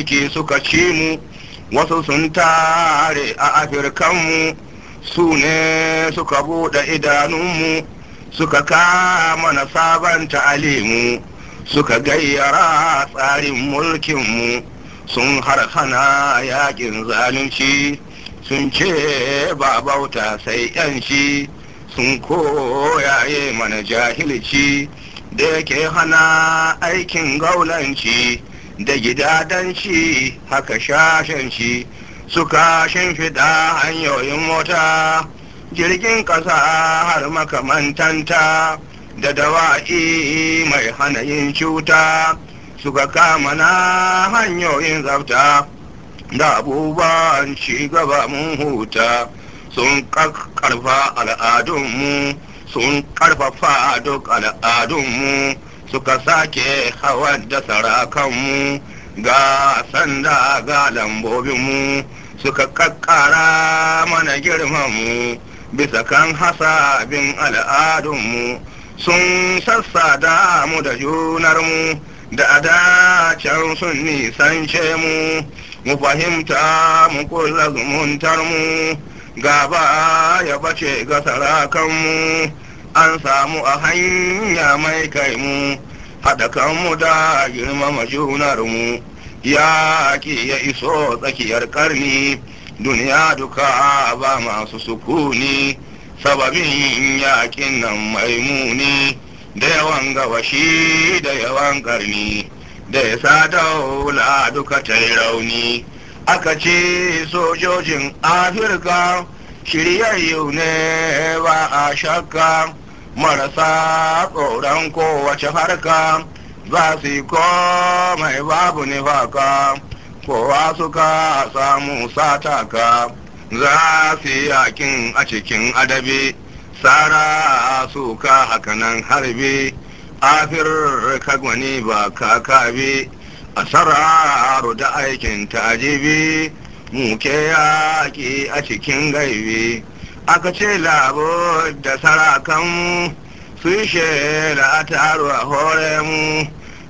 mulki suka ci mu wasu sun tare a afirkanmu su ne suka buɗe idanunmu suka kama na sabon ta'alimu suka gayyara tsarin mulkinmu sun harhana yakin zalunci sun ce ba bauta sai yanci sun koyaye mana jahilci da yake hana aikin gaulanci da gidadan shi haka shashen shi suka shimfiɗa hanyoyin mota jirgin ƙasa har makamantanta da dawa'i mai hanayin cuta suka kama na hanyoyin tsafta da abubuwan gaba mun huta sun ƙarfa al'adunmu sun ƙarfafa duk al'adunmu suka sake hawan da sarakanmu ga sanda ga lambobinmu suka kakkara mana girmanmu bisa kan hasabin al'adunmu sun sassa mu da junarmu da adacen sun nisance mu mu fahimta mu kula zumuntar mu gaba ya bace ga sarakanmu an samu a hanya mai kai mu haɗa kanmu da girmama junarmu ya ki ya iso tsakiyar karni duniya duka ba masu sukuni sababin yakin nan mai muni da yawan gabashi da yawan karni da ya sa daula duka ta rauni aka ce sojojin afirka shiryayyu ne ba a shakka marasa tsoron kowace harka za su yi komai babu nifaka kowa suka samu sataka za su yi a cikin adabi tsara suka hakanan harbi afirka gwani ba kakabi a da aikin tajibi muke yaƙi a cikin gaibi aka ce labo da sarakanmu sun shela taro a hore mu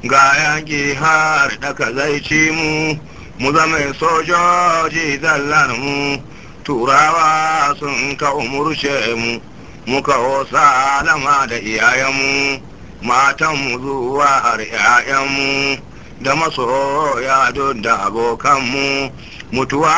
ga yanki har daga zai mu mu zama sojoji zallar mu turawa sun ka umurce mu muka hosa alama da iyayenmu matanmu zuwa har mu da masoya ya da abokanmu mutuwa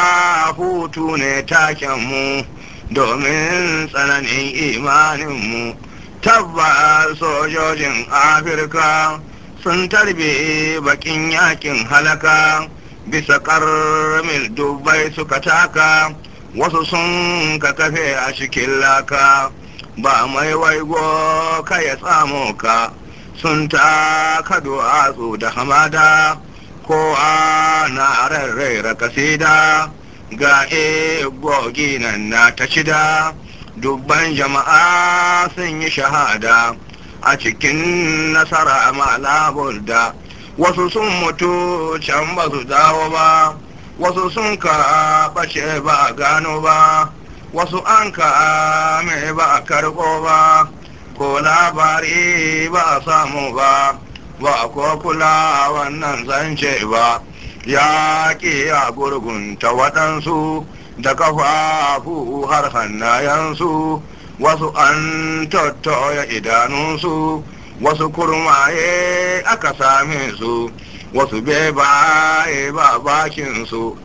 hutu ne takenmu domin tsananin imaninmu tabbas sojojin afirka sun tarbe bakin yakin halaka bisa karmil dubbai suka taka wasu sun ka kafe a cikin laka ba mai waigo ka ya tsamo ka sun taka duwatsu da hamada ko ana rarraira kasida ga gogi nan na ta da dubban jama'a sun yi shahada a cikin nasara malabur da wasu sun mutu can ba su dawo ba wasu sun ka bace ba a gano ba wasu an ka mai ba a karɓo ba ko labari ba a samu ba ba a ko kula wannan zance ba ya ke a gurgunta waɗansu da kafafu har hannayensu wasu an tattaya idanunsu wasu kurmaye aka same su wasu bebaye eh, ba bakinsu